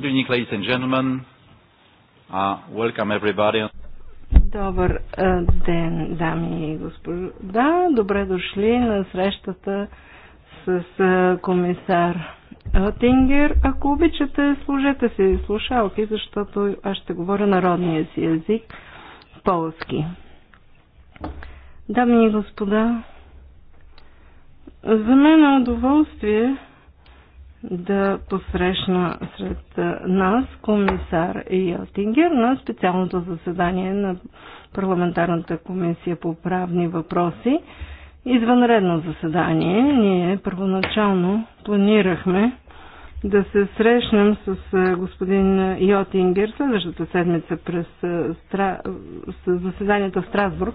Good evening, ladies and gentlemen. Uh, welcome everybody. Добър е, ден, дами и господа. Добре дошли на срещата с е, комисар Отингер. Ако обичате, служете си слушалки, защото аз ще говоря народния си език полски. Дами и господа, за мен е удоволствие да посрещна сред нас комисар Йотингер на специалното заседание на парламентарната комисия по правни въпроси. Извънредно заседание. Ние първоначално планирахме да се срещнем с господин Йотингер следващата седмица през заседанието в Страсбург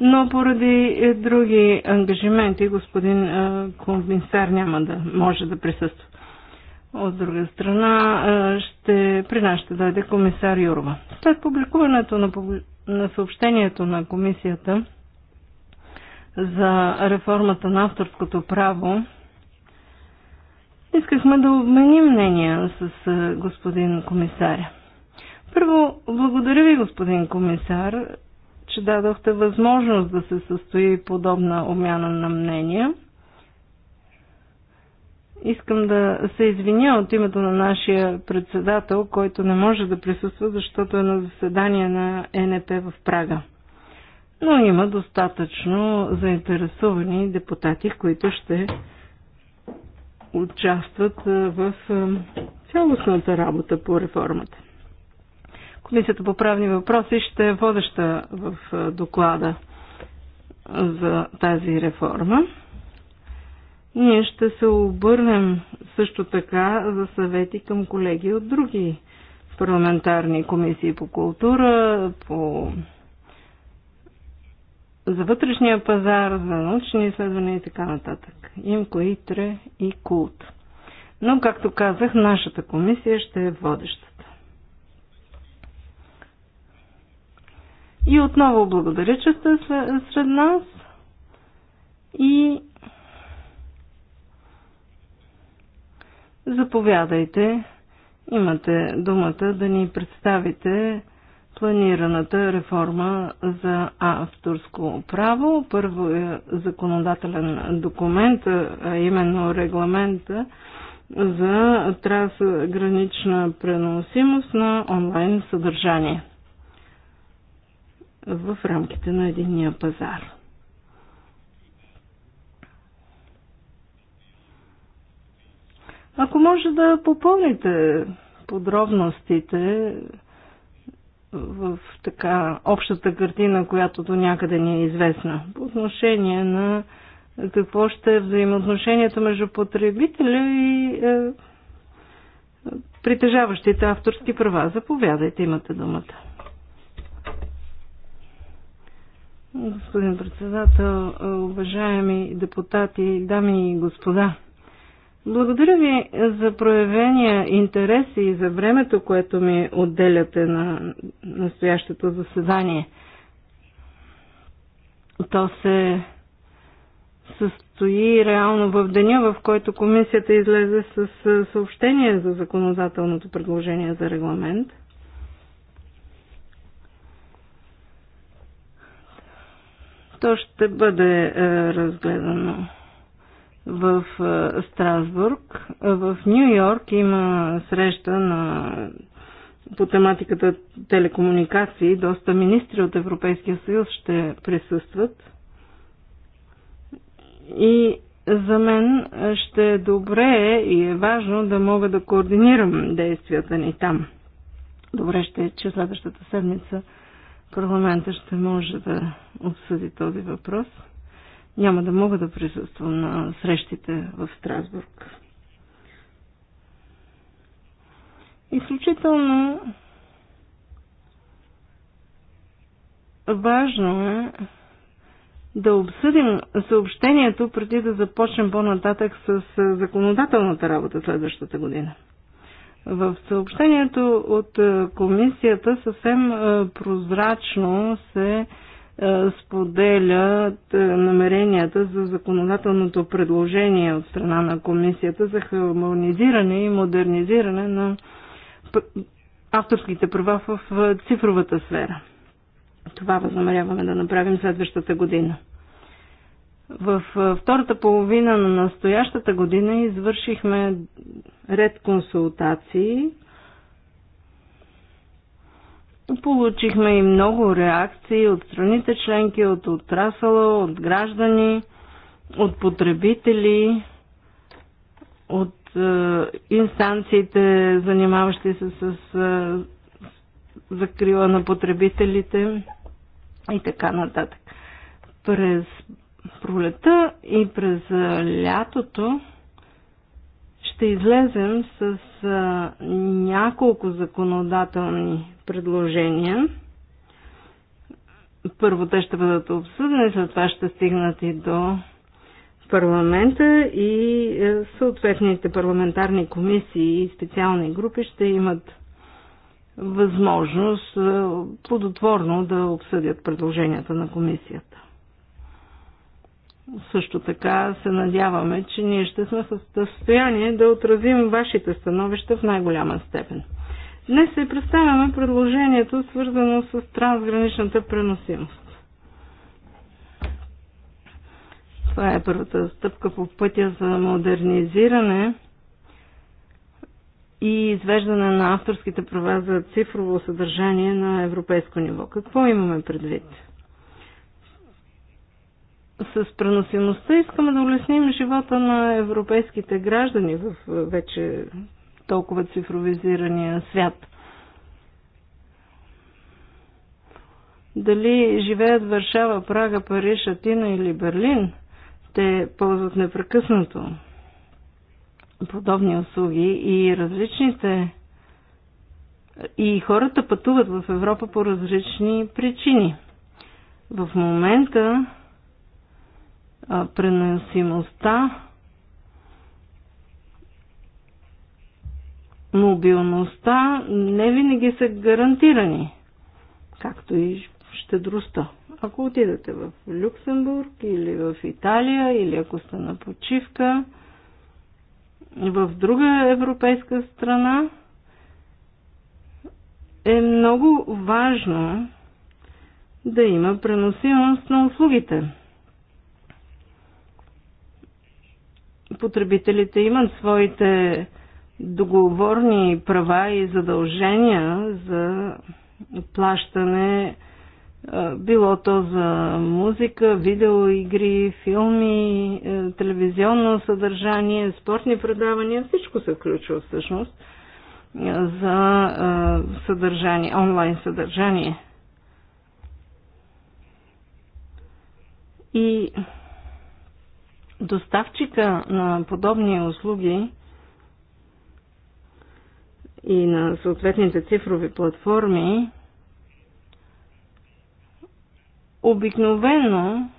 но поради е, други ангажименти господин е, комисар няма да може да присъства. От друга страна, е, ще, при нас ще дойде комисар Юрова. След публикуването на, на съобщението на комисията за реформата на авторското право, искахме да обменим мнения с господин комисаря. Първо, благодаря ви, господин комисар, че дадохте възможност да се състои подобна обмяна на мнения. Искам да се извиня от името на нашия председател, който не може да присъства, защото е на заседание на НП в Прага. Но има достатъчно заинтересовани депутати, които ще участват в цялостната работа по реформата. Комисията по правни въпроси ще е водеща в доклада за тази реформа. Ние ще се обърнем също така за съвети към колеги от други парламентарни комисии по култура, по за вътрешния пазар, за научни изследвания и така нататък. Имко, Итре и Култ. Но, както казах, нашата комисия ще е водещата. И отново благодаря, че сте сред нас. И заповядайте. Имате думата да ни представите планираната реформа за авторско право. Първо е законодателен документ, а именно регламента за трансгранична преносимост на онлайн съдържание в рамките на единния пазар. Ако може да попълните подробностите в така общата картина, която до някъде ни е известна, по отношение на какво ще е взаимоотношението между потребителя и е, притежаващите авторски права. Заповядайте, имате думата. Господин председател, е, уважаеми депутати, дами и господа, благодаря ви за проявения интерес и за времето, което ми отделяте на настоящото заседание. То се състои реално в деня, в който комисията излезе с е, съобщение за законодателното предложение за регламент – То ще бъде е, разгледано в е, Страсбург. В Нью Йорк има среща на по тематиката телекомуникации. Доста министри от Европейския съюз ще присъстват. И за мен ще е добре и е важно да мога да координирам действията ни там. Добре ще е, че следващата седмица парламента ще може да обсъди този въпрос. Няма да мога да присъствам на срещите в Страсбург. Изключително важно е да обсъдим съобщението преди да започнем по-нататък с законодателната работа следващата година. В съобщението от е, комисията съвсем е, прозрачно се е, споделят намеренията за законодателното предложение от страна на комисията за хармонизиране и модернизиране на авторските права в цифровата сфера. Това възнамеряваме да направим следващата година. В втората половина на настоящата година извършихме ред консултации. Получихме и много реакции от страните членки, от отрасъла, от граждани, от потребители, от е, инстанциите, занимаващи се с е, закрила на потребителите и така нататък. През пролета и през лятото ще излезем с а, няколко законодателни предложения. Първо те ще бъдат обсъдени, след това ще стигнат и до парламента и е, съответните парламентарни комисии и специални групи ще имат възможност е, плодотворно да обсъдят предложенията на комисията. Също така се надяваме, че ние ще сме в състояние да отразим вашите становища в най-голяма степен. Днес се представяме предложението, свързано с трансграничната преносимост. Това е първата стъпка по пътя за модернизиране и извеждане на авторските права за цифрово съдържание на европейско ниво. Какво имаме предвид? с преносимостта искаме да улесним живота на европейските граждани в вече толкова цифровизирания свят. Дали живеят Варшава, Прага, Париж, Атина или Берлин, те ползват непрекъснато подобни услуги и различните и хората пътуват в Европа по различни причини. В момента преносимостта, мобилността не винаги са гарантирани, както и щедростта. Ако отидете в Люксембург или в Италия, или ако сте на почивка в друга европейска страна, е много важно да има преносимост на услугите потребителите имат своите договорни права и задължения за плащане, е, било то за музика, видеоигри, филми, е, телевизионно съдържание, спортни предавания, всичко се включва всъщност е, за съдържание, онлайн съдържание. И доставчика на подобни услуги и на съответните цифрови платформи обикновено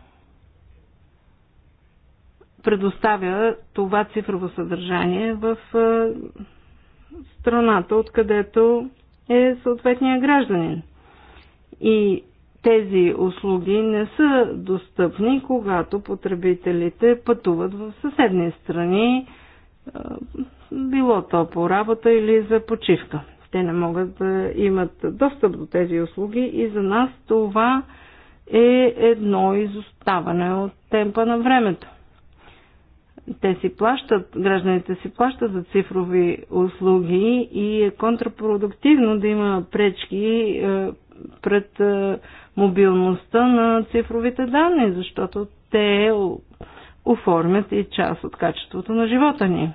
предоставя това цифрово съдържание в страната, откъдето е съответния гражданин. И тези услуги не са достъпни, когато потребителите пътуват в съседни страни, било то по работа или за почивка. Те не могат да имат достъп до тези услуги и за нас това е едно изоставане от темпа на времето. Те си плащат, гражданите си плащат за цифрови услуги и е контрапродуктивно да има пречки е, пред е, мобилността на цифровите данни, защото те оформят и част от качеството на живота ни.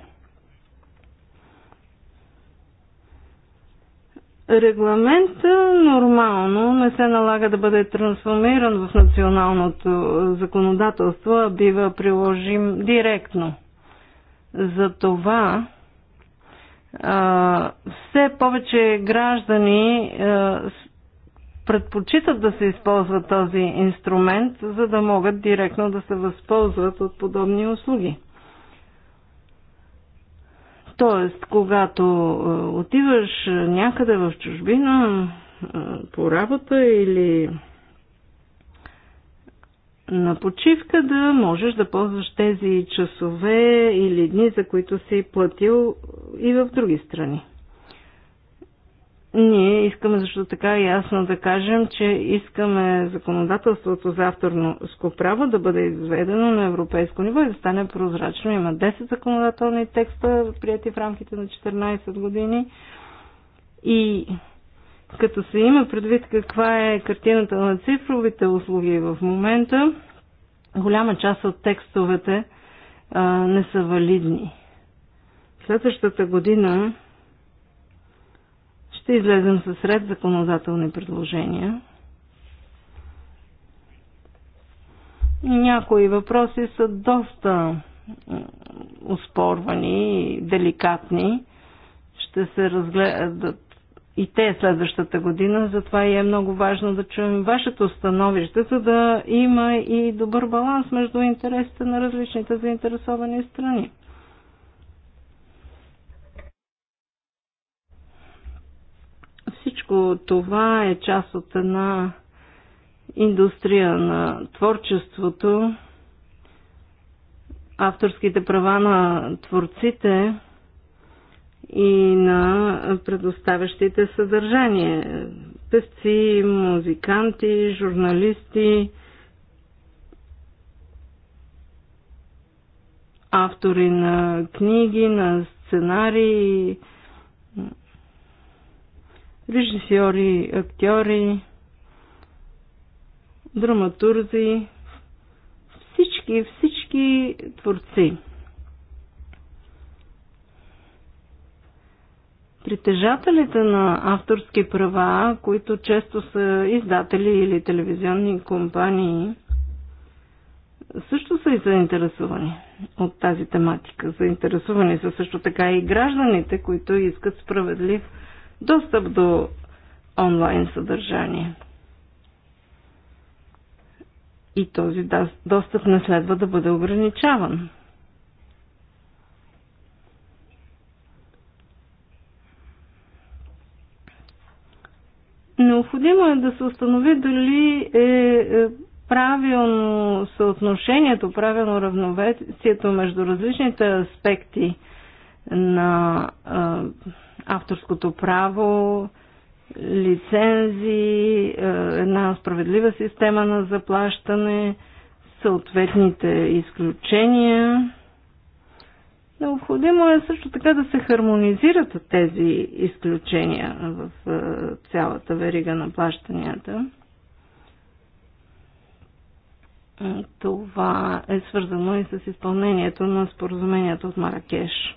Регламента нормално не се налага да бъде трансформиран в националното законодателство, а бива приложим директно. Затова все повече граждани предпочитат да се използва този инструмент, за да могат директно да се възползват от подобни услуги. Тоест, когато е, отиваш някъде в чужбина е, по работа или на почивка, да можеш да ползваш тези часове или дни, за които си платил и в други страни. Ние искаме защото така ясно да кажем, че искаме законодателството за авторско право да бъде изведено на европейско ниво и да стане прозрачно. Има 10 законодателни текста, прияти в рамките на 14 години. И като се има предвид каква е картината на цифровите услуги в момента, голяма част от текстовете а, не са валидни. Следващата година ще излезем с ред законодателни предложения. Някои въпроси са доста успорвани и деликатни. Ще се разгледат и те следващата година, затова и е много важно да чуем вашето становище, за да има и добър баланс между интересите на различните заинтересовани страни. Всичко това е част от една индустрия на творчеството, авторските права на творците и на предоставящите съдържание. Певци, музиканти, журналисти, автори на книги, на сценарии, режисьори, актьори, драматурзи, всички, всички творци. Притежателите на авторски права, които често са издатели или телевизионни компании, също са и заинтересувани от тази тематика. Заинтересувани са също така и гражданите, които искат справедлив достъп до онлайн съдържание. И този достъп не следва да бъде ограничаван. Необходимо е да се установи дали е, е правилно съотношението, правилно равновесието между различните аспекти на авторското право, лицензи, е, една справедлива система на заплащане, съответните изключения. Необходимо е също така да се хармонизират тези изключения в е, цялата верига на плащанията. Е, това е свързано и с изпълнението на споразумението от Маракеш.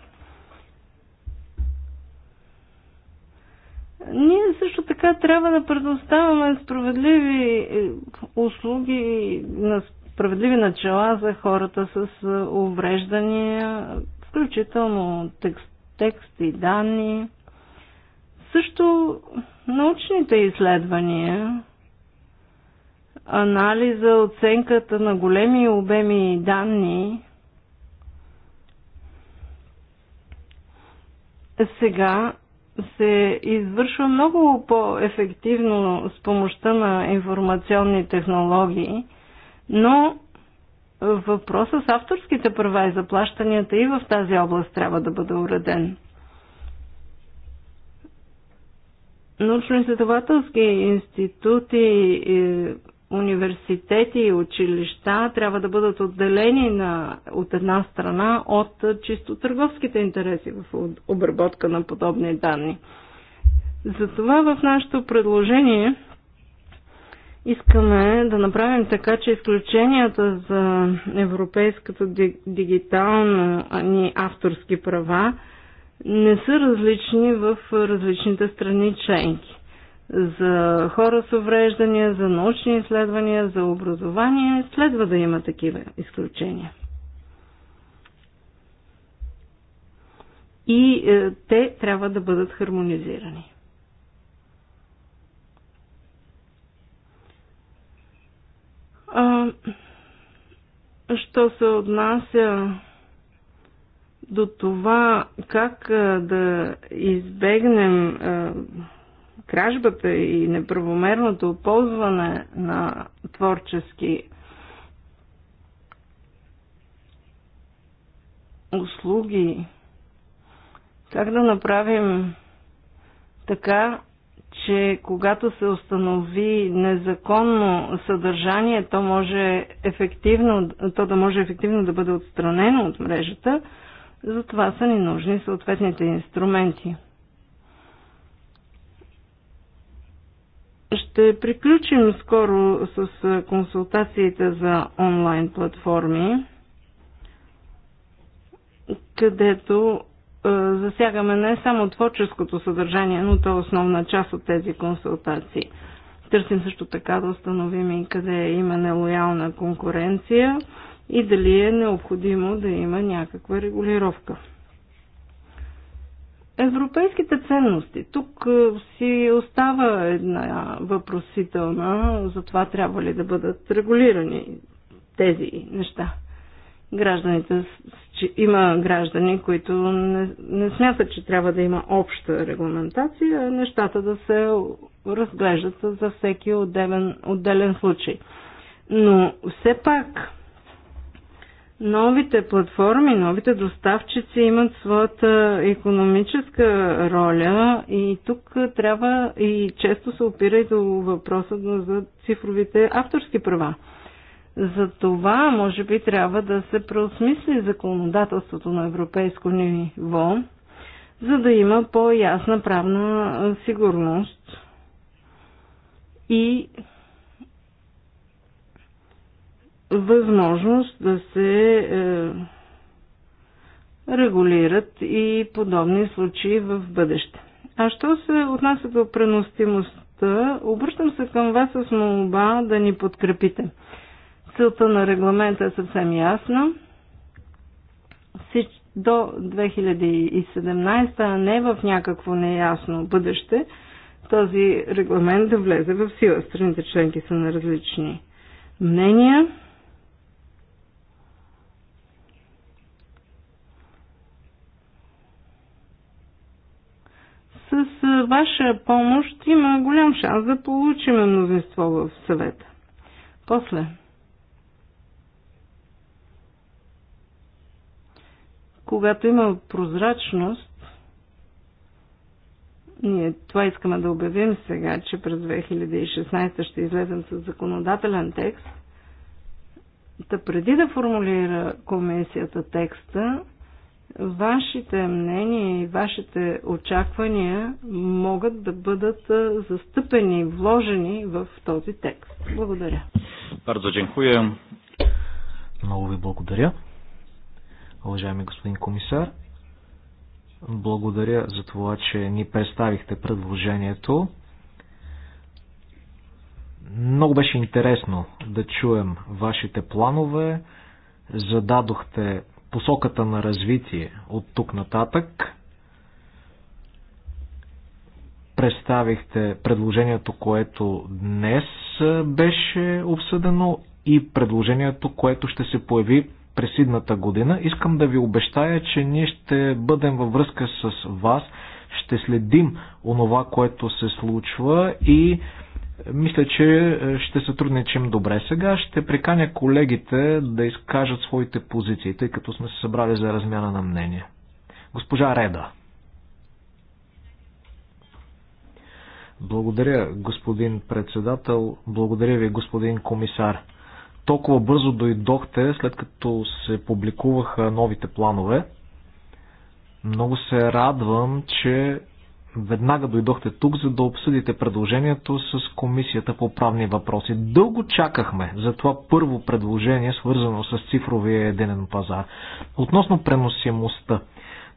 Ние също така трябва да предоставяме справедливи е, услуги на справедливи начала за хората с е, увреждания, включително текст, текст и данни. Също научните изследвания, анализа, оценката на големи обеми данни, сега се извършва много по-ефективно с помощта на информационни технологии, но въпросът с авторските права и заплащанията и в тази област трябва да бъде уреден. Научно-изследователски институти е, университети и училища трябва да бъдат отделени на, от една страна от чисто търговските интереси в обработка на подобни данни. Затова в нашето предложение искаме да направим така, че изключенията за европейското дигитално ни авторски права не са различни в различните страни членки за хора с увреждания, за научни изследвания, за образование, следва да има такива изключения. И е, те трябва да бъдат хармонизирани. А, що се отнася до това как а, е, да избегнем а, е, кражбата и неправомерното ползване на творчески услуги, как да направим така, че когато се установи незаконно съдържание, то може ефективно, то да може ефективно да бъде отстранено от мрежата, затова са ни нужни съответните инструменти. Ще приключим скоро с консултациите за онлайн платформи, където засягаме не само творческото съдържание, но то е основна част от тези консултации. Търсим също така да установим и къде има нелоялна конкуренция и дали е необходимо да има някаква регулировка. Европейските ценности. Тук е, си остава една въпросителна, за това трябва ли да бъдат регулирани тези неща. Гражданите, има граждани, които не, не смятат, че трябва да има обща регламентация, а нещата да се разглеждат за всеки отделен, отделен случай. Но все пак Новите платформи, новите доставчици имат своята економическа роля и тук трябва и често се опира и до въпроса за цифровите авторски права. За това, може би, трябва да се преосмисли законодателството на европейско ниво, за да има по-ясна правна сигурност и възможност да се е, регулират и подобни случаи в бъдеще. А що се отнася до преносимостта, обръщам се към вас с молба да ни подкрепите. Целта на регламента е съвсем ясна. Всич... До 2017, а не в някакво неясно бъдеще, този регламент да влезе в сила. Страните членки са на различни мнения. с ваша помощ има голям шанс да получим мнозинство в съвета. После. Когато има прозрачност, ние това искаме да обявим сега, че през 2016 ще излезем с законодателен текст, да преди да формулира комисията текста, вашите мнения и вашите очаквания могат да бъдат застъпени, вложени в този текст. Благодаря. Бързо дякую. Много ви благодаря. Уважаеми господин комисар, благодаря за това, че ни представихте предложението. Много беше интересно да чуем вашите планове. Зададохте посоката на развитие от тук нататък. Представихте предложението, което днес беше обсъдено и предложението, което ще се появи през идната година. Искам да ви обещая, че ние ще бъдем във връзка с вас, ще следим онова, което се случва и мисля, че е, ще сътрудничим добре. Сега ще приканя колегите да изкажат своите позиции, тъй като сме се събрали за размяна на мнение. Госпожа Реда. Благодаря, господин председател. Благодаря ви, господин комисар. Толкова бързо дойдохте, след като се публикуваха новите планове. Много се радвам, че веднага дойдохте тук, за да обсъдите предложението с Комисията по правни въпроси. Дълго чакахме за това първо предложение, свързано с цифровия единен пазар. Относно преносимостта,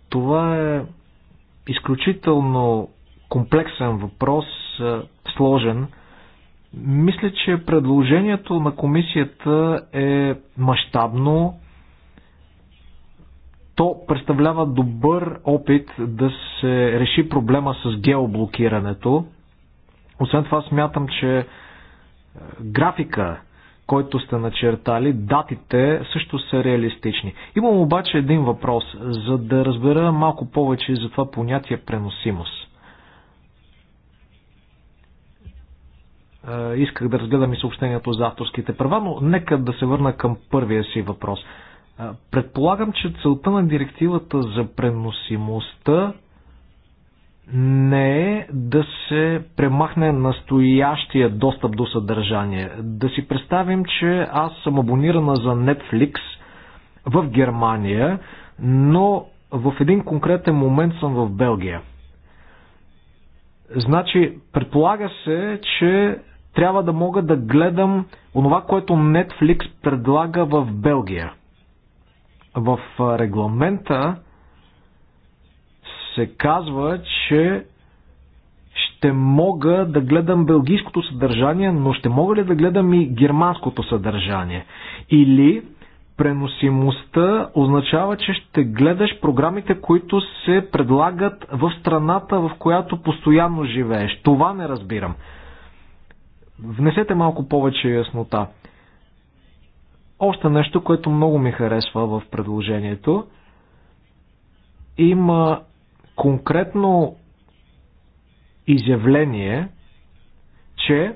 това е изключително комплексен въпрос, е, сложен. Мисля, че предложението на комисията е мащабно, то представлява добър опит да се реши проблема с геоблокирането. Освен това смятам, че е, графика, който сте начертали, датите също са реалистични. Имам обаче един въпрос, за да разбера малко повече за това понятие преносимост. Е, исках да разгледам и съобщението за авторските права, но нека да се върна към първия си въпрос – Предполагам, че целта на директивата за преносимостта не е да се премахне настоящия достъп до съдържание. Да си представим, че аз съм абонирана за Netflix в Германия, но в един конкретен момент съм в Белгия. Значи, предполага се, че трябва да мога да гледам онова, което Netflix предлага в Белгия – в регламента се казва, че ще мога да гледам белгийското съдържание, но ще мога ли да гледам и германското съдържание? Или преносимостта означава, че ще гледаш програмите, които се предлагат в страната, в която постоянно живееш. Това не разбирам. Внесете малко повече яснота. Още нещо, което много ми харесва в предложението. Има конкретно изявление, че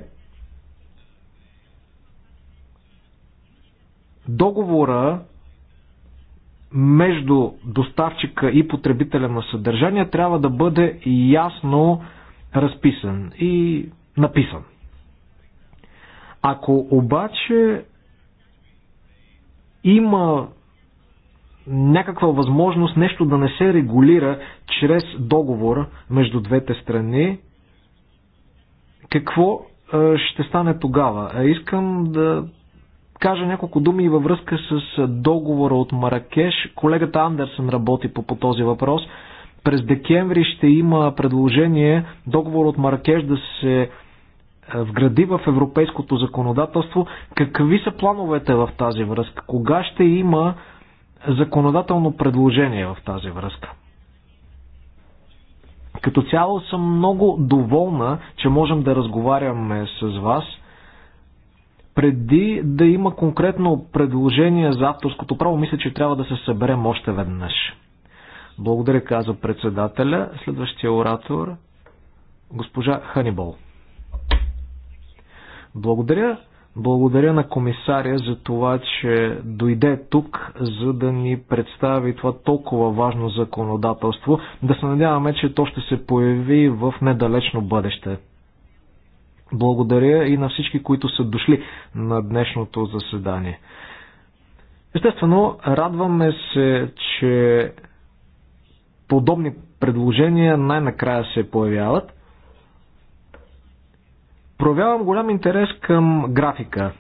договора между доставчика и потребителя на съдържание трябва да бъде ясно разписан и написан. Ако обаче има някаква възможност нещо да не се регулира чрез договор между двете страни, какво ще стане тогава? Искам да кажа няколко думи във връзка с договора от Маракеш. Колегата Андерсен работи по, по този въпрос. През декември ще има предложение договор от Маракеш да се вгради в европейското законодателство. Какви са плановете в тази връзка? Кога ще има законодателно предложение в тази връзка? Като цяло съм много доволна, че можем да разговаряме с вас. Преди да има конкретно предложение за авторското право, мисля, че трябва да се съберем още веднъж. Благодаря, каза председателя. Следващия оратор, госпожа Ханибол. Благодаря. Благодаря на комисаря за това, че дойде тук, за да ни представи това толкова важно законодателство. Да се надяваме, че то ще се появи в недалечно бъдеще. Благодаря и на всички, които са дошли на днешното заседание. Естествено, радваме се, че подобни предложения най-накрая се появяват. Проявявам голям интерес към графика.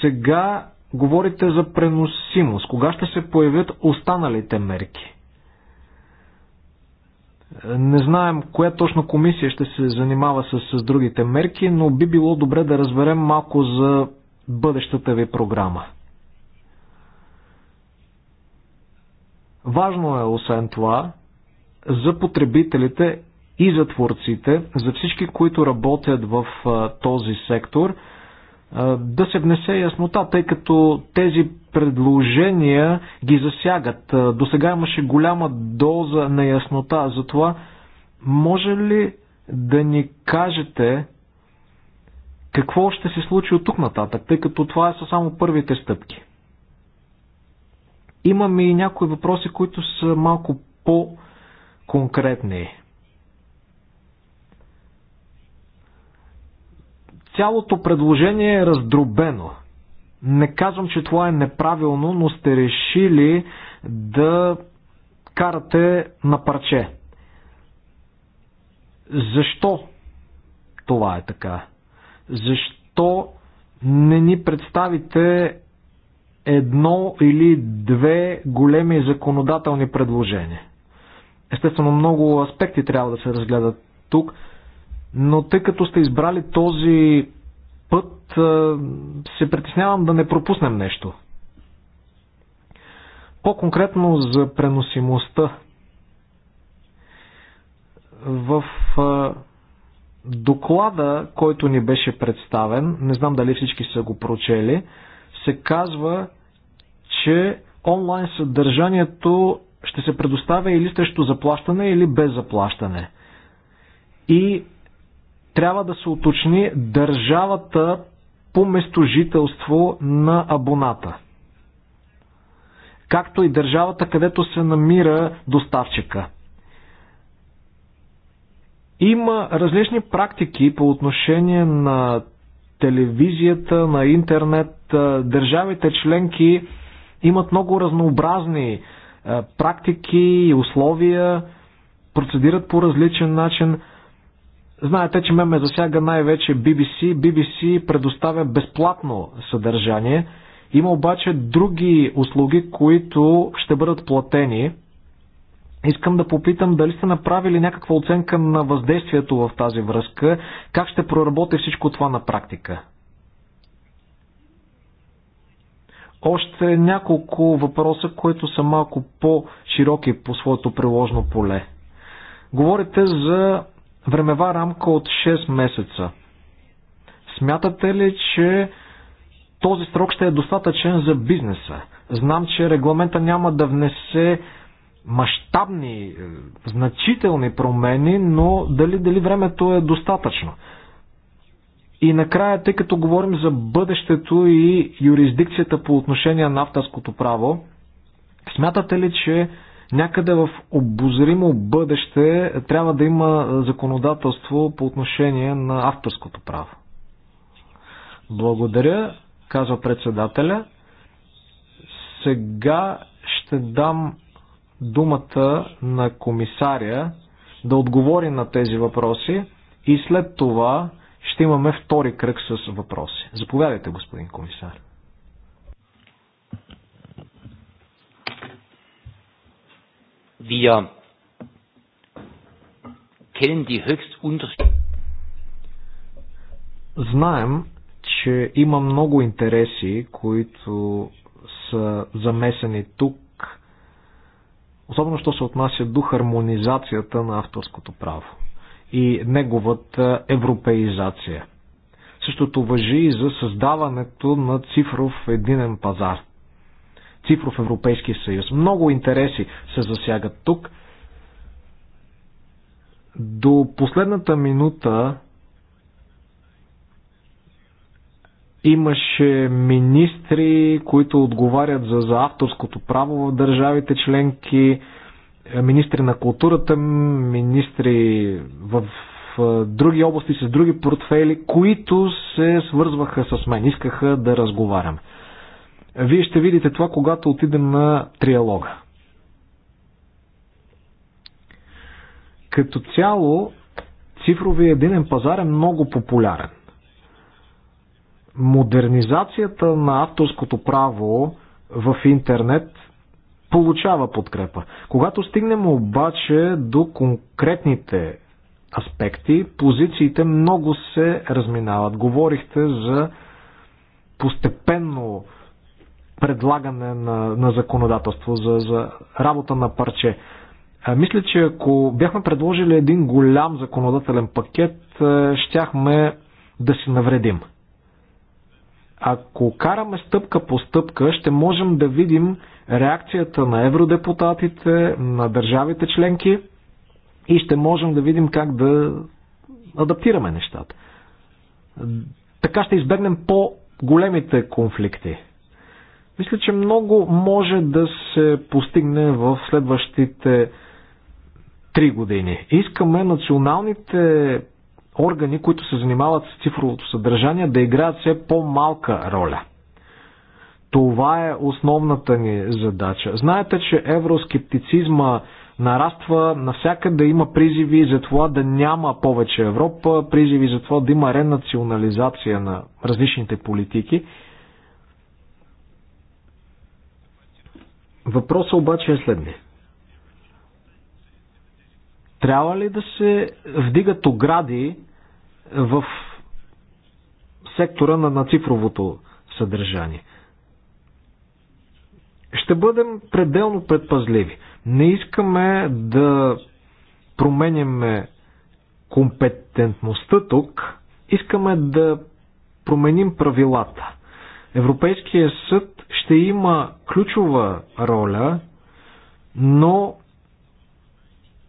Сега говорите за преносимост. Кога ще се появят останалите мерки? Не знаем коя точно комисия ще се занимава с, с другите мерки, но би било добре да разберем малко за бъдещата ви програма. Важно е, освен това, за потребителите и за творците, за всички, които работят в този сектор, да се внесе яснота, тъй като тези предложения ги засягат. До сега имаше голяма доза на яснота, затова може ли да ни кажете какво ще се случи от тук нататък, тъй като това са само първите стъпки. Имам и някои въпроси, които са малко по-конкретни. Цялото предложение е раздробено. Не казвам, че това е неправилно, но сте решили да карате на парче. Защо това е така? Защо не ни представите едно или две големи законодателни предложения? Естествено, много аспекти трябва да се разгледат тук но тъй като сте избрали този път, се притеснявам да не пропуснем нещо. По-конкретно за преносимостта. В доклада, който ни беше представен, не знам дали всички са го прочели, се казва, че онлайн съдържанието ще се предоставя или срещу заплащане, или без заплащане. И трябва да се уточни държавата по местожителство на абоната, както и държавата, където се намира доставчика. Има различни практики по отношение на телевизията, на интернет. Държавите членки имат много разнообразни практики и условия, процедират по различен начин – Знаете, че ме ме засяга най-вече BBC. BBC предоставя безплатно съдържание. Има обаче други услуги, които ще бъдат платени. Искам да попитам дали сте направили някаква оценка на въздействието в тази връзка, как ще проработи всичко това на практика. Още няколко въпроса, които са малко по-широки по своето приложно поле. Говорите за времева рамка от 6 месеца. Смятате ли, че този срок ще е достатъчен за бизнеса? Знам, че регламента няма да внесе мащабни, е, значителни промени, но дали, дали времето е достатъчно? И накрая, тъй като говорим за бъдещето и юрисдикцията по отношение на авторското право, смятате ли, че някъде в обозримо бъдеще трябва да има законодателство по отношение на авторското право. Благодаря, казва председателя. Сега ще дам думата на комисаря да отговори на тези въпроси и след това ще имаме втори кръг с въпроси. Заповядайте, господин комисар. Wir kennen die höchst Знаем, че има много интереси, които са замесени тук, особено що се отнася до хармонизацията на авторското право и неговата европеизация. Същото въжи и за създаването на цифров единен пазар цифров Европейски съюз. Много интереси се засягат тук. До последната минута имаше министри, които отговарят за, за авторското право в държавите членки, е, министри на културата, министри в е, други области, с други портфели, които се свързваха с мен, искаха да разговарям. Вие ще видите това, когато отидем на триалога. Като цяло, цифровия единен пазар е много популярен. Модернизацията на авторското право в интернет получава подкрепа. Когато стигнем обаче до конкретните аспекти, позициите много се разминават. Говорихте за постепенно предлагане на, на законодателство, за, за работа на парче. Мисля, че ако бяхме предложили един голям законодателен пакет, щяхме да си навредим. Ако караме стъпка по стъпка, ще можем да видим реакцията на евродепутатите, на държавите членки и ще можем да видим как да адаптираме нещата. Така ще избегнем по-големите конфликти. Мисля, че много може да се постигне в следващите три години. Искаме националните органи, които се занимават с цифровото съдържание, да играят все по-малка роля. Това е основната ни задача. Знаете, че евроскептицизма нараства, навсякъде има призиви за това да няма повече Европа, призиви за това да има ренационализация на различните политики – Въпросът обаче е следния. Трябва ли да се вдигат огради в сектора на, на цифровото съдържание? Ще бъдем пределно предпазливи. Не искаме да променяме компетентността тук, искаме да променим правилата. Европейския съд ще има ключова роля, но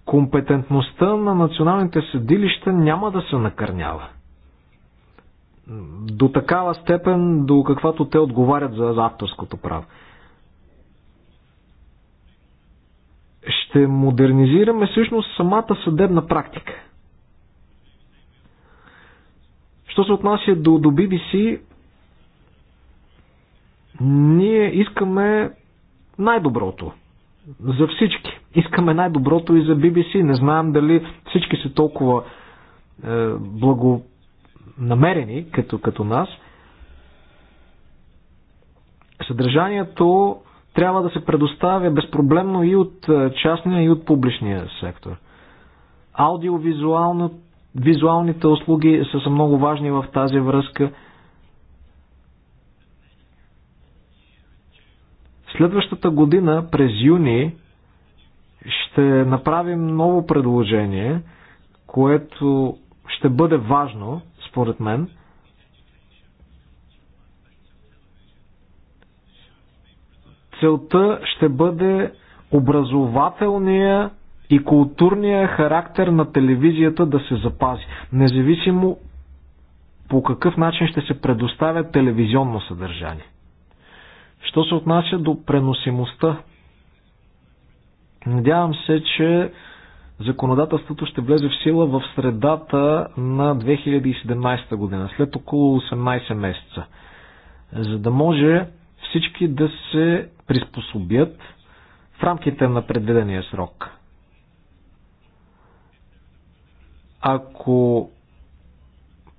компетентността на националните съдилища няма да се накърнява. До такава степен, до каквато те отговарят за авторското право. Ще модернизираме всъщност самата съдебна практика. Що се отнася до, до BBC, ние искаме най-доброто за всички. Искаме най-доброто и за BBC. Не знаем дали всички са толкова е, благонамерени, като, като нас. Съдържанието трябва да се предоставя безпроблемно и от е, частния, и от публичния сектор. Аудиовизуалните услуги са, са много важни в тази връзка. Следващата година, през юни, ще направим ново предложение, което ще бъде важно, според мен. Целта ще бъде образователния и културния характер на телевизията да се запази, независимо по какъв начин ще се предоставя телевизионно съдържание. Що се отнася до преносимостта, надявам се, че законодателството ще влезе в сила в средата на 2017 година, след около 18 месеца, за да може всички да се приспособят в рамките на предвидения срок. Ако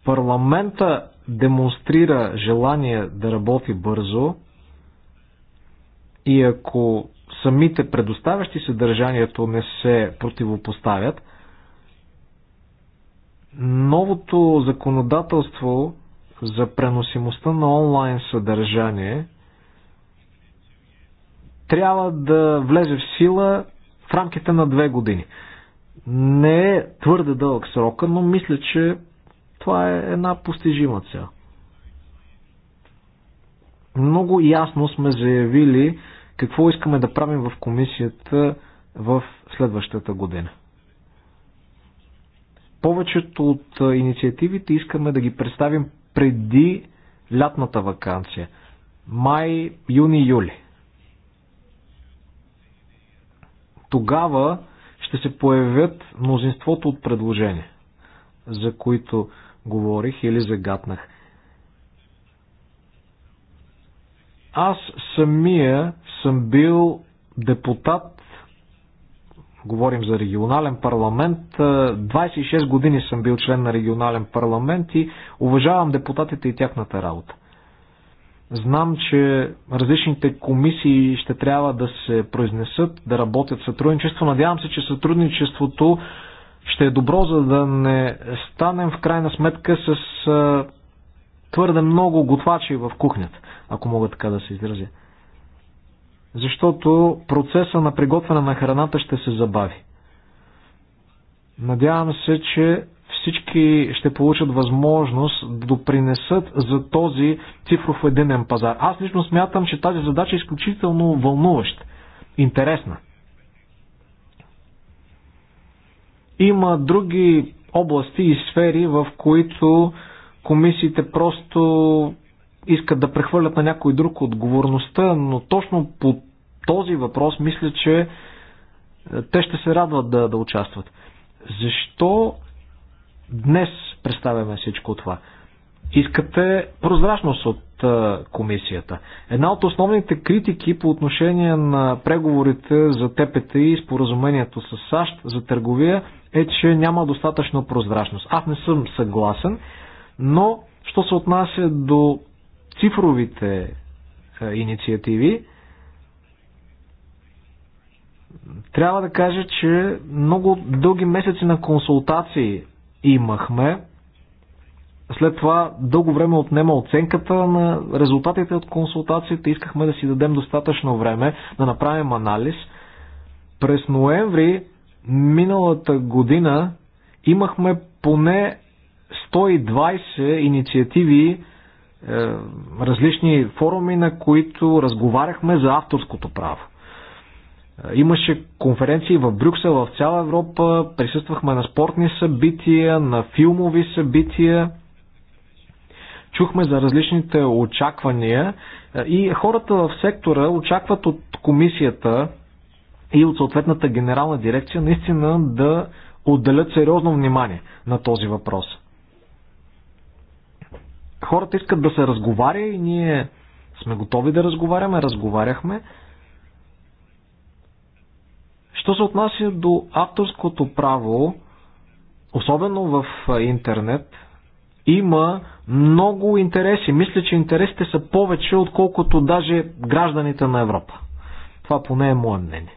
парламента демонстрира желание да работи бързо, и ако самите предоставящи съдържанието не се противопоставят, новото законодателство за преносимостта на онлайн съдържание трябва да влезе в сила в рамките на две години. Не е твърде дълъг срок, но мисля, че това е една постижима цел. Много ясно сме заявили, какво искаме да правим в комисията в следващата година. Повечето от инициативите искаме да ги представим преди лятната вакансия. Май, юни, юли. Тогава ще се появят мнозинството от предложения, за които говорих или загатнах. Аз самия съм бил депутат, говорим за регионален парламент, 26 години съм бил член на регионален парламент и уважавам депутатите и тяхната работа. Знам, че различните комисии ще трябва да се произнесат, да работят сътрудничество. Надявам се, че сътрудничеството ще е добро, за да не станем в крайна сметка с твърде много готвачи в кухнята ако мога така да се изразя. Защото процеса на приготвяне на храната ще се забави. Надявам се, че всички ще получат възможност да допринесат за този цифров единен пазар. Аз лично смятам, че тази задача е изключително вълнуваща, интересна. Има други области и сфери, в които комисиите просто искат да прехвърлят на някой друг отговорността, но точно по този въпрос мисля, че е, те ще се радват да, да участват. Защо днес представяме всичко това? Искате прозрачност от е, комисията. Една от основните критики по отношение на преговорите за ТПТ и споразумението с САЩ за търговия е, че няма достатъчно прозрачност. Аз не съм съгласен, но що се отнася до цифровите е, инициативи, трябва да кажа, че много дълги месеци на консултации имахме. След това дълго време отнема оценката на резултатите от консултацията. Искахме да си дадем достатъчно време да направим анализ. През ноември миналата година имахме поне 120 инициативи, е, различни форуми, на които разговаряхме за авторското право. Е, имаше конференции в Брюксел, в цяла Европа, присъствахме на спортни събития, на филмови събития, чухме за различните очаквания е, и хората в сектора очакват от комисията и от съответната генерална дирекция наистина да отделят сериозно внимание на този въпрос. Хората искат да се разговаря и ние сме готови да разговаряме, разговаряхме. Що се отнася до авторското право, особено в интернет, има много интереси. Мисля, че интересите са повече, отколкото даже гражданите на Европа. Това поне е мое мнение.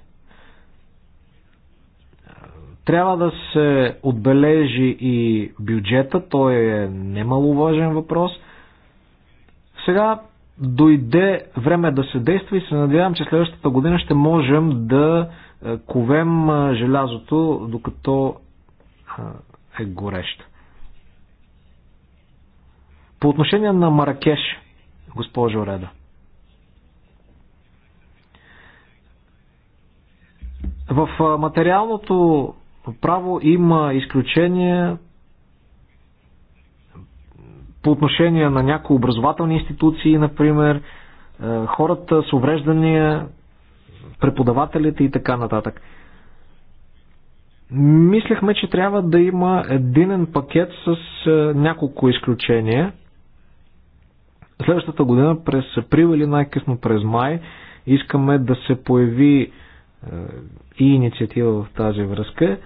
Трябва да се отбележи и бюджета, той е немаловажен въпрос. Сега дойде време да се действа и се надявам, че следващата година ще можем да е, ковем е, желязото, докато е, е горещо. По отношение на Маракеш, госпожо Реда. В материалното право има изключения по отношение на някои образователни институции, например, е, хората с увреждания, преподавателите и така нататък. Мислехме, че трябва да има единен пакет с е, няколко изключения. Следващата година, през април или най-късно през май, искаме да се появи е, и инициатива в тази връзка.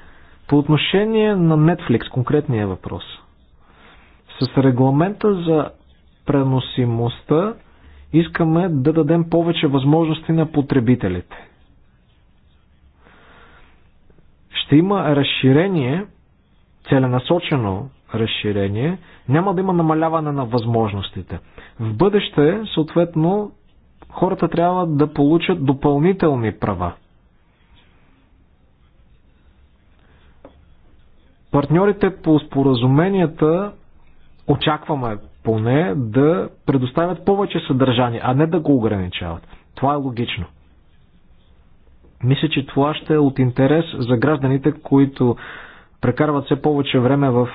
По отношение на Netflix, конкретния въпрос. С регламента за преносимостта искаме да дадем повече възможности на потребителите. Ще има разширение, целенасочено разширение, няма да има намаляване на възможностите. В бъдеще, съответно, хората трябва да получат допълнителни права. Партньорите по споразуменията очакваме поне да предоставят повече съдържание, а не да го ограничават. Това е логично. Мисля, че това ще е от интерес за гражданите, които прекарват все повече време в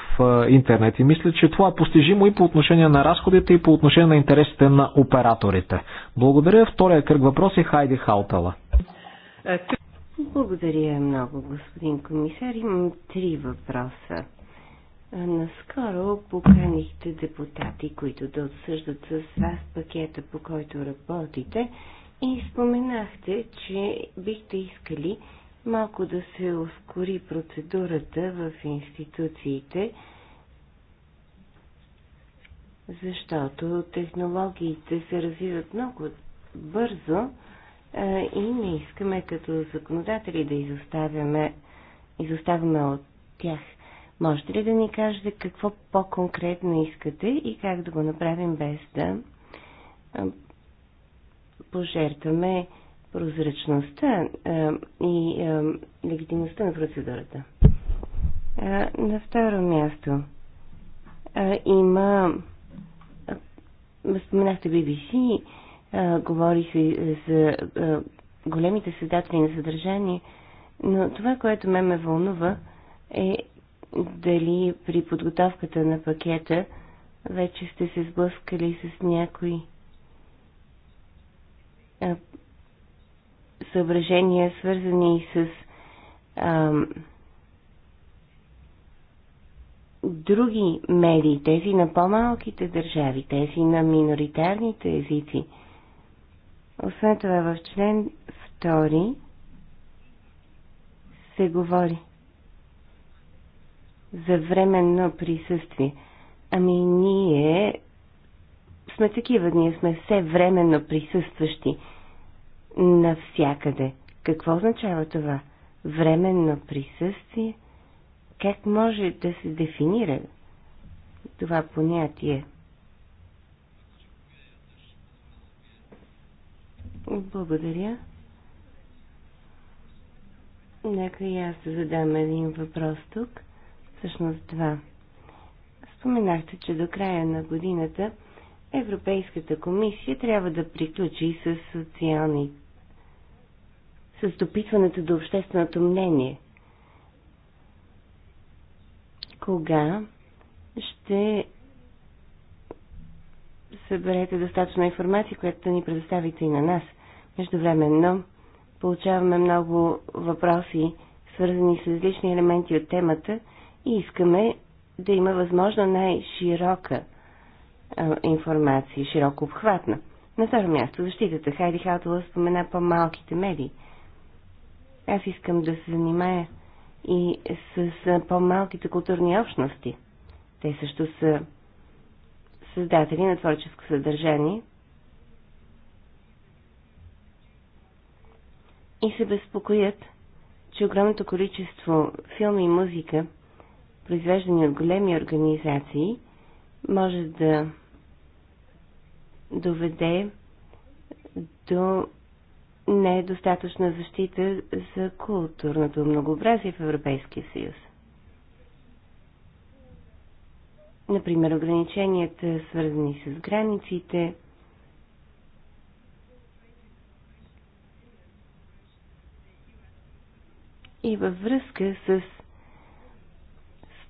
интернет. И мисля, че това е постижимо и по отношение на разходите, и по отношение на интересите на операторите. Благодаря. Втория кръг въпроси е Хайди Хаутала. Е, благодаря много, господин комисар. Имам три въпроса. Наскоро поканихте депутати, които да отсъждат с вас пакета, по който работите, и споменахте, че бихте искали малко да се ускори процедурата в институциите, защото технологиите се развиват много бързо и не искаме като законодатели да изоставяме, изоставяме от тях. Можете ли да ни кажете какво по-конкретно искате и как да го направим без да пожертваме прозрачността и легитимността на процедурата? На второ място има споменахте BBC а, говорих ви е, за а, големите създатели на съдържание, но това, което ме ме вълнува е дали при подготовката на пакета вече сте се сблъскали с някои а, съображения, свързани с а, други медии, тези на по-малките държави, тези на миноритарните езици – освен това, в член 2 се говори за временно присъствие. Ами ние сме такива, ние сме все временно присъстващи навсякъде. Какво означава това? Временно присъствие? Как може да се дефинира това понятие? Благодаря. Нека и аз да задам един въпрос тук. Всъщност два. Споменахте, че до края на годината Европейската комисия трябва да приключи с социални с допитването до общественото мнение. Кога ще съберете достатъчно информация, която ни предоставите и на нас? Междувременно получаваме много въпроси, свързани с различни елементи от темата и искаме да има възможно най-широка информация, широко обхватна. На второ място, защитата. Хайди Хаутова спомена по-малките медии. Аз искам да се занимая и с по-малките културни общности. Те също са създатели на творческо съдържание – и се безпокоят, че огромното количество филми и музика, произвеждани от големи организации, може да доведе до недостатъчна защита за културното многообразие в Европейския съюз. Например, ограниченията, свързани с границите – и във връзка с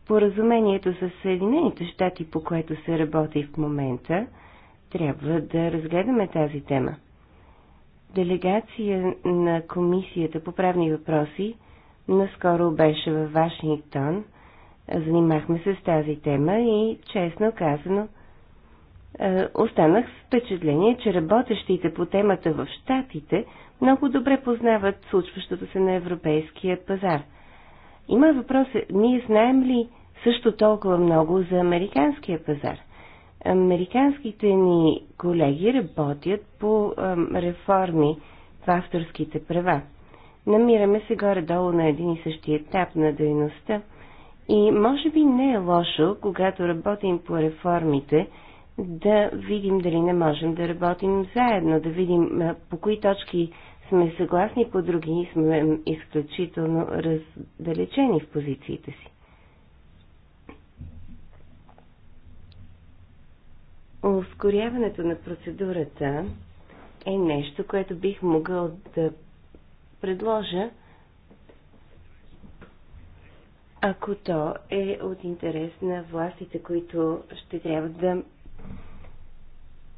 споразумението с Съединените щати, по което се работи в момента, трябва да разгледаме тази тема. Делегация на Комисията по правни въпроси наскоро беше във Вашингтон. Занимахме се с тази тема и, честно казано, е, останах с впечатление, че работещите по темата в щатите много добре познават случващото се на европейския пазар. Има въпрос, ние знаем ли също толкова много за американския пазар? Американските ни колеги работят по реформи в авторските права. Намираме се горе-долу на един и същи етап на дейността и може би не е лошо, когато работим по реформите, да видим дали не можем да работим заедно, да видим по кои точки сме съгласни, по други сме изключително раздалечени в позициите си. Ускоряването на процедурата е нещо, което бих могъл да предложа, ако то е от интерес на властите, които ще трябва да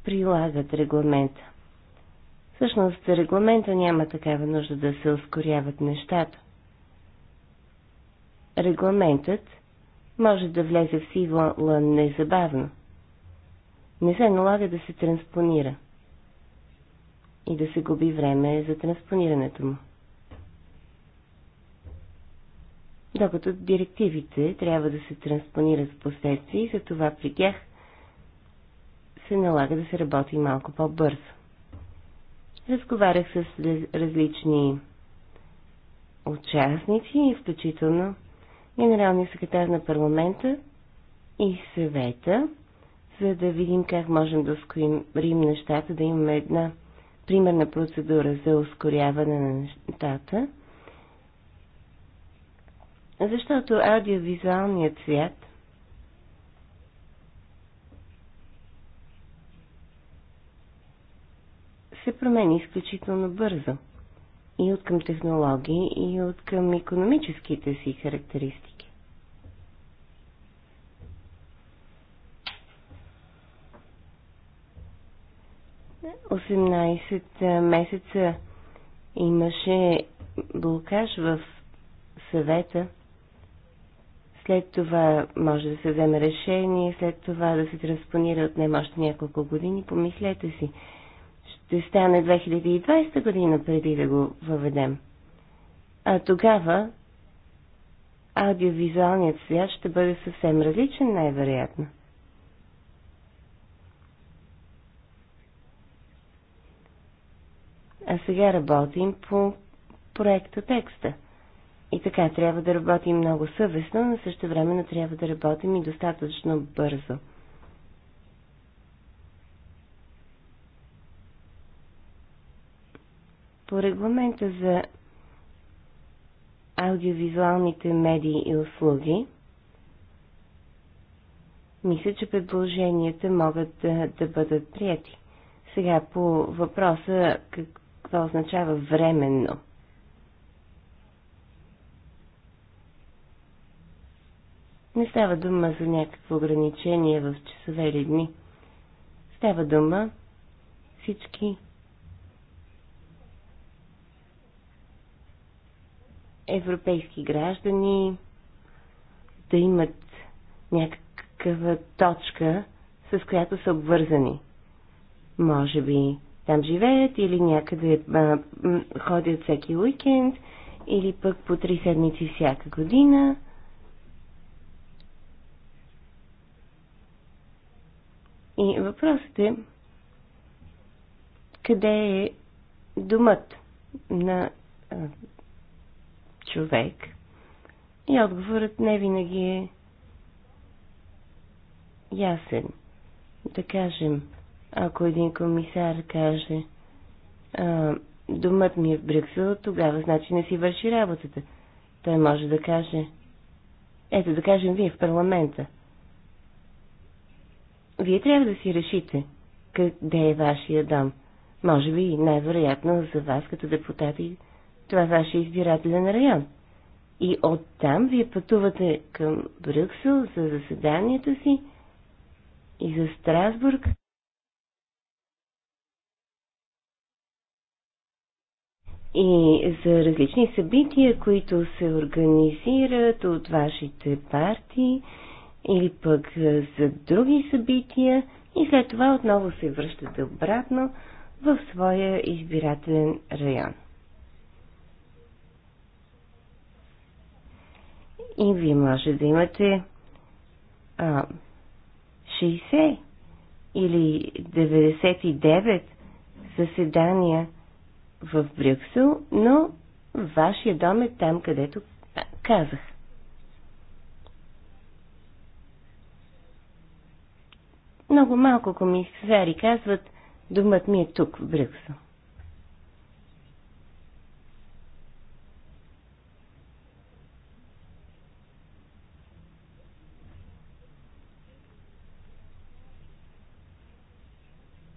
прилагат регламента. Всъщност регламента няма такава нужда да се ускоряват нещата. Регламентът може да влезе в сила незабавно. Не се налага да се транспонира и да се губи време за транспонирането му. Докато директивите трябва да се транспонират в последствие и за това при тях се налага да се работи малко по-бързо. Разговарях с различни участници, включително генералния секретар на парламента и съвета, за да видим как можем да ускорим нещата, да имаме една примерна процедура за ускоряване на нещата. Защото аудиовизуалният свят се промени изключително бързо. И от към технологии, и от към економическите си характеристики. Осемнайсет е, месеца имаше блокаж в съвета. След това може да се вземе решение, след това да се транспонира от още няколко години. Помислете си ще стане 2020 година преди да го въведем. А тогава аудиовизуалният свят ще бъде съвсем различен, най-вероятно. А сега работим по проекта текста. И така трябва да работим много съвестно, но също времено трябва да работим и достатъчно бързо – По регламента за аудиовизуалните медии и услуги, мисля, че предложенията могат да, да бъдат прияти. Сега по въпроса какво означава временно. Не става дума за някакво ограничение в часове или дни. Става дума всички европейски граждани да имат някаква точка, с която са обвързани. Може би там живеят или някъде а, ходят всеки уикенд или пък по три седмици всяка година. И въпросът е къде е думът на човек? И отговорът не винаги е ясен. Да кажем, ако един комисар каже а, думът ми е в Брюксел, тогава значи не си върши работата. Той може да каже ето да кажем вие в парламента. Вие трябва да си решите къде е вашия дом. Може би най-вероятно за вас като депутати това е вашия избирателен район. И оттам вие пътувате към Брюксел за заседанието си и за Страсбург. И за различни събития, които се организират от вашите партии или пък за други събития и след това отново се връщате обратно в своя избирателен район. и вие може да имате а, 60 или 99 заседания в Брюксел, но вашия дом е там, където казах. Много малко комисари казват, думът ми е тук, в Брюксел.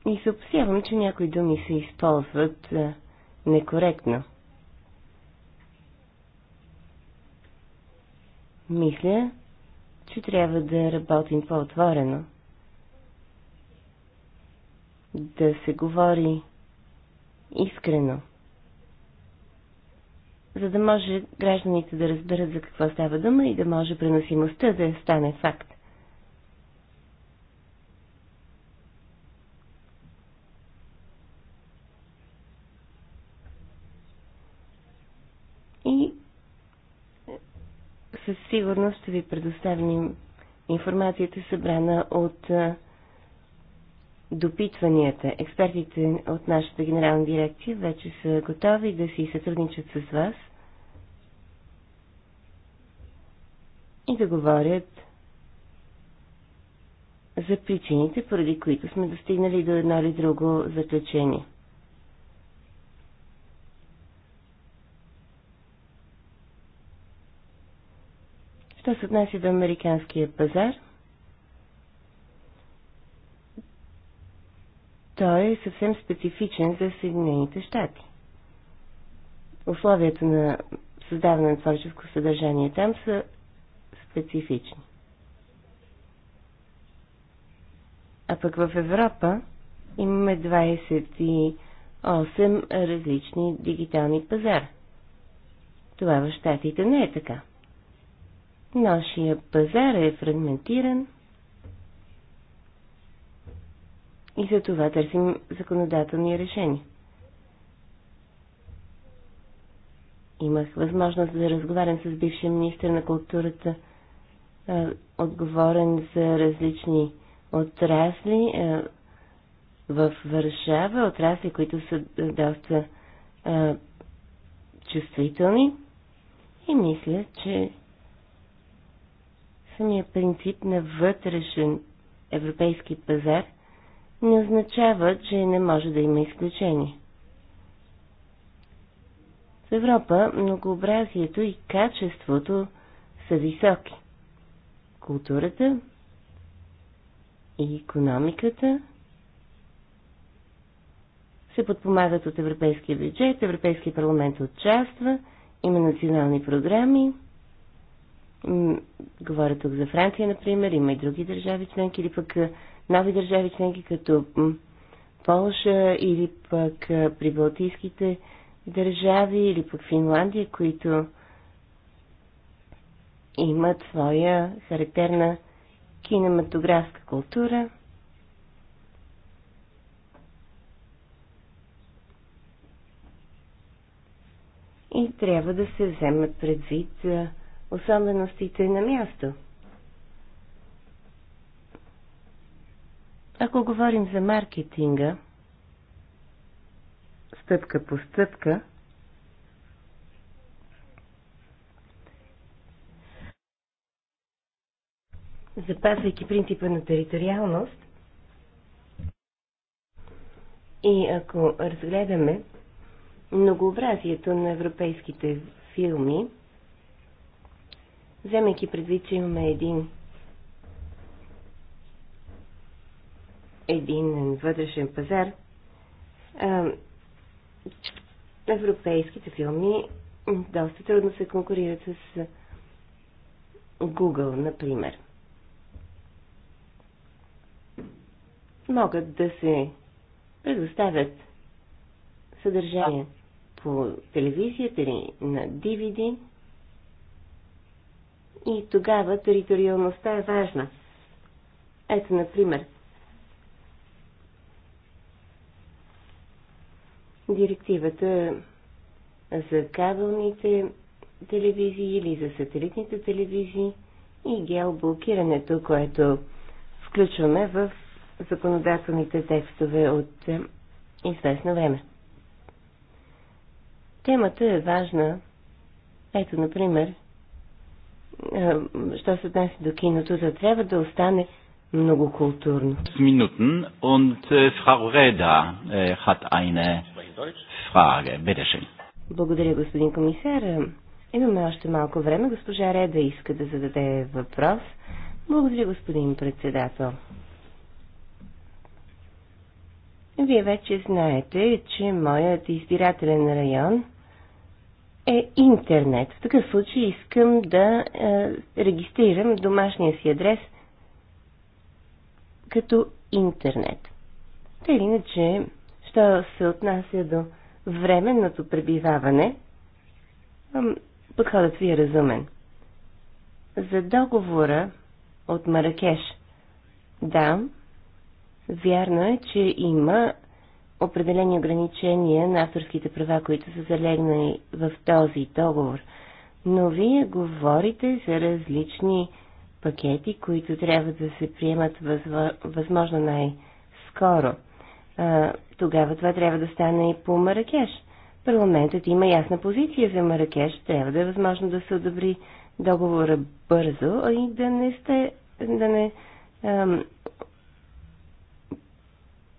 И се опасявам, че някои думи се използват е, некоректно. Мисля, че трябва да работим по-отворено. Да се говори искрено. За да може гражданите да разберат за какво става дума и да може преносимостта да стане факт. сигурност ще ви предоставим информацията събрана от допитванията. Експертите от нашата генерална дирекция вече са готови да си сътрудничат с вас и да говорят за причините, поради които сме достигнали до едно или друго заключение. се отнася до американския пазар, той е съвсем специфичен за Съединените щати. Условията на създаване на творческо съдържание там са специфични. А пък в Европа имаме 28 различни дигитални пазара. Това в Штатите не е така. Нашия пазар е фрагментиран и за това търсим законодателни решения. Имах възможност да разговарям с бившия министр на културата, отговорен за различни отрасли в Варшава, отрасли, които са доста чувствителни. И мисля, че самия принцип на вътрешен европейски пазар не означава, че не може да има изключение. В Европа многообразието и качеството са високи. Културата и економиката се подпомагат от европейския бюджет, Европейския парламент участва, има национални програми, Говоря тук за Франция, например, има и други държави членки, или пък нови държави членки, като Полша, или пък при Балтийските държави, или пък Финландия, които имат своя характерна кинематографска култура. И трябва да се вземат предвид особеностите на място. Ако говорим за маркетинга, стъпка по стъпка, запазвайки принципа на териториалност, и ако разгледаме многообразието на европейските филми, вземайки предвид, че имаме един един вътрешен пазар, европейските филми доста трудно се конкурират с Google, например. Могат да се предоставят съдържание по телевизията или на DVD, и тогава териториалността е важна. Ето, например, директивата за кабелните телевизии или за сателитните телевизии и геоблокирането, което включваме в законодателните текстове от е, известно време. Темата е важна. Ето, например, е, що се отнася до киното, то трябва да остане многокултурно. Минутен und Frau Reda hat eine Frage. Bitte schön. Благодаря, господин комисар. Е, имаме още малко време. Госпожа Реда иска да зададе въпрос. Благодаря, господин председател. Вие вече знаете, че моят избирателен район – е интернет. В такъв случай искам да е, регистрирам домашния си адрес като интернет. Та или иначе, що се отнася до временното пребиваване, подходът ви е разумен. За договора от Маракеш, да, вярно е, че има определени ограничения на авторските права, които са залегнали в този договор. Но вие говорите за различни пакети, които трябва да се приемат възможно най-скоро. Тогава това трябва да стане и по Маракеш. Парламентът има ясна позиция за Маракеш. Трябва да е възможно да се одобри договора бързо и да не, сте, да не ам,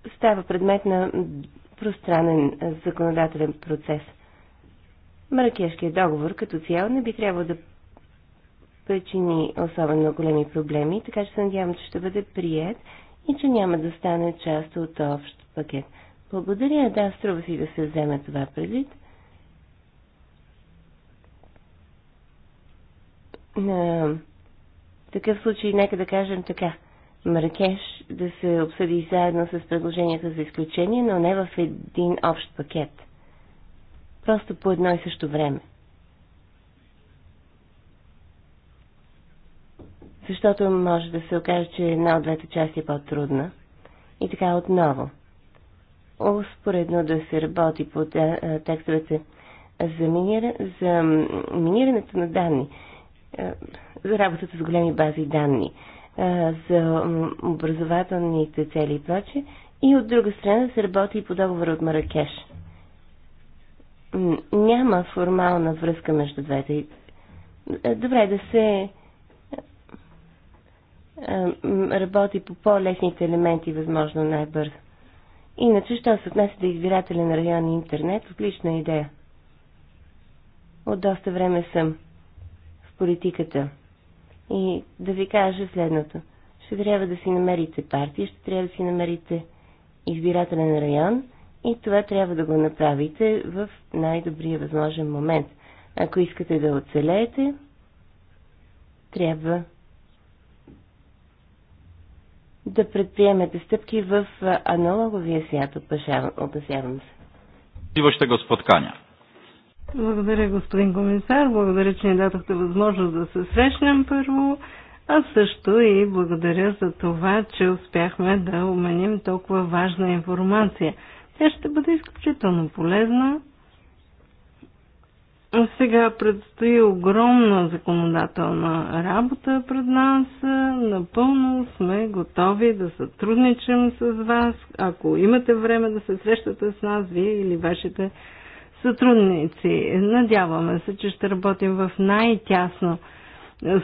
става предмет на пространен законодателен процес. Маракешкият договор като цяло не би трябвало да причини особено големи проблеми, така че се надявам, че ще бъде прият и че няма да стане част от общ пакет. Благодаря, да, струва си да се вземе това предвид. На такъв случай нека да кажем така. Маракеш да се обсъди заедно с предложенията за изключение, но не в един общ пакет. Просто по едно и също време. Защото може да се окаже, че една от двете части е по-трудна. И така отново. Успоредно да се работи по текстовете за, минира, за минирането на данни, за работата с големи бази данни за образователните цели и прочи, И от друга страна се работи и по договора от Маракеш. Няма формална връзка между двете. Е, добре да се е, е, работи по по-лесните елементи, възможно най-бързо. Иначе, що се отнесе до избирателен район и интернет, отлична идея. От доста време съм в политиката и да ви кажа следното. Ще трябва да си намерите партия, ще трябва да си намерите избирателен район и това трябва да го направите в най-добрия възможен момент. Ако искате да оцелеете, трябва да предприемете стъпки в аналоговия свят, опасявам се. Иваща господ Каня. Благодаря, господин комисар. Благодаря, че ни дадохте възможност да се срещнем първо. А също и благодаря за това, че успяхме да уменим толкова важна информация. Тя ще бъде изключително полезна. Сега предстои огромна законодателна работа пред нас. Напълно сме готови да сътрудничим с вас. Ако имате време да се срещате с нас, вие или вашите сътрудници. Надяваме се, че ще работим в най-тясно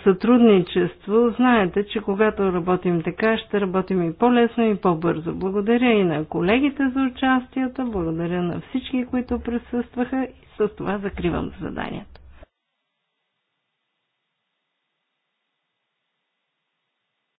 сътрудничество. Знаете, че когато работим така, ще работим и по-лесно и по-бързо. Благодаря и на колегите за участията, благодаря на всички, които присъстваха и с това закривам заданието.